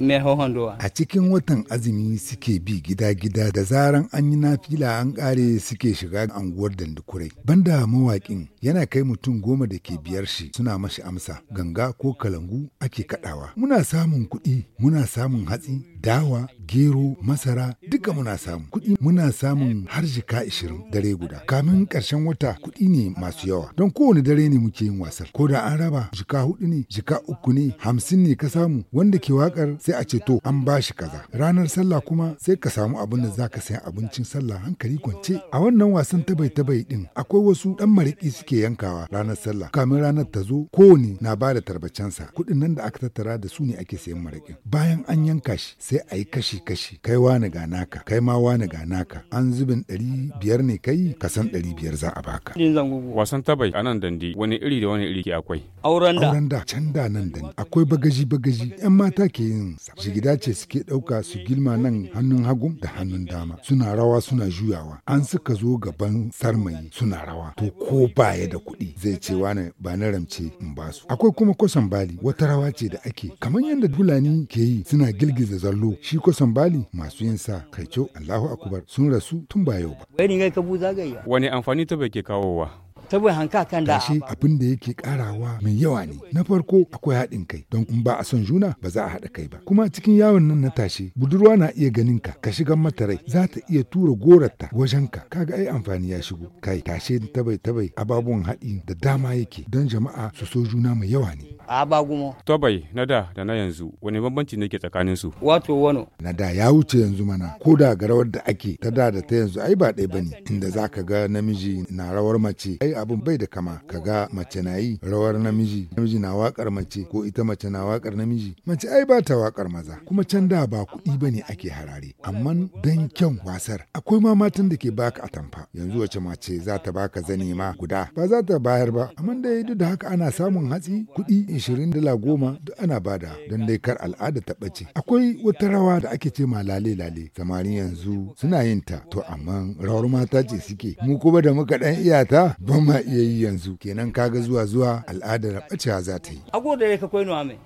mai a cikin watan azumi suke bi gida-gida da zaran an yi nafila an ƙare suke shiga anguwar dandukurai banda mawaƙin yana kai mutum goma da ke biyar shi suna mashi amsa ganga ko kalangu ake kadawa muna samun kuɗi muna samun hatsi dawa gero masara duka muna samu kuɗi muna samun har jika ishirin dare guda kamin ƙarshen wata kuɗi ne masu yawa don kowane dare ne muke yin wasar ko da an raba jika hudu ne jika uku ne hamsin ne ka samu wanda ke wakar sai a ce to an shi kaza ranar sallah kuma sai ka samu abin da zaka sayan abincin sallah hankali kwance a wannan wasan tabai tabai din akwai wasu dan mariki suke yankawa ranar sallah kamin ranar ta zo kowane na ba da tarbacensa kuɗin nan da aka tattara da su ne ake sayan marakin bayan an yanka shi sai a yi kashi kashi kai wani ga naka kai ma wani ga naka an zubin ɗari biyar ne kai ka san ɗari biyar za a baka wasan tabai a nan dandi wani iri da wani iri akwai auren da can da nan dandi akwai bagaji bagaji yan mata ke yin sa jigida ce suke ɗauka su gilma nan hannun hagu da hannun dama suna rawa suna juyawa an suka zo gaban sarmayi suna rawa to ko baya da kuɗi zai ce wani ba na ramce in ba su akwai kuma kwasan bali wata rawa ce da ake kamar yadda fulani ke yi suna girgiza zallo shi kwasan bali masu yin sa kai allahu akubar sun rasu tun ba yau ba wani amfani ta bai ke kawowa saboda hanka kan da shi abin da yake karawa mai yawa ne na farko akwai haɗin kai don in ba a son juna ba za a haɗa kai ba kuma cikin yawon nan na tashi budurwa na iya ganin ka ka shiga mata rai za ta iya tura gorarta wajen ka kaga ai amfani ya shigo kai tashe tabai tabai ababuwan haɗi da dama yake don jama'a su so juna mai yawa ne a bagumo. bai na da da na yanzu wani bambanci ne ke tsakanin su. Wato wano. Na da ya wuce yanzu mana ko da garawar rawar da ake ta da da ta yanzu ai ba ɗaya bane inda za ka ga namiji na rawar mace ai abun bai da kama ka ga mace na yi rawar namiji namiji na wakar mace ko ita mace na wakar namiji mace ai ba ta wakar maza kuma can da ba kuɗi bane ake harare amma dan kyan wasar akwai ma matan da ke baka atamfa yanzu wace mace za ta baka zane ma guda ba za ta bayar ba amma da duk da haka ana samun hatsi kuɗi ishirin da goma duk ana bada don dai kar al'ada ta ɓace. Akwai wata rawa da ake ce ma lale lale samari yanzu suna yin ta to amma rawar mata ce suke mu kuma da muka dan iyata ba ma iya yi yanzu kenan kaga zuwa zuwa al'adar ɓacewa za ta yi. Agoda ya ka nuwa mai.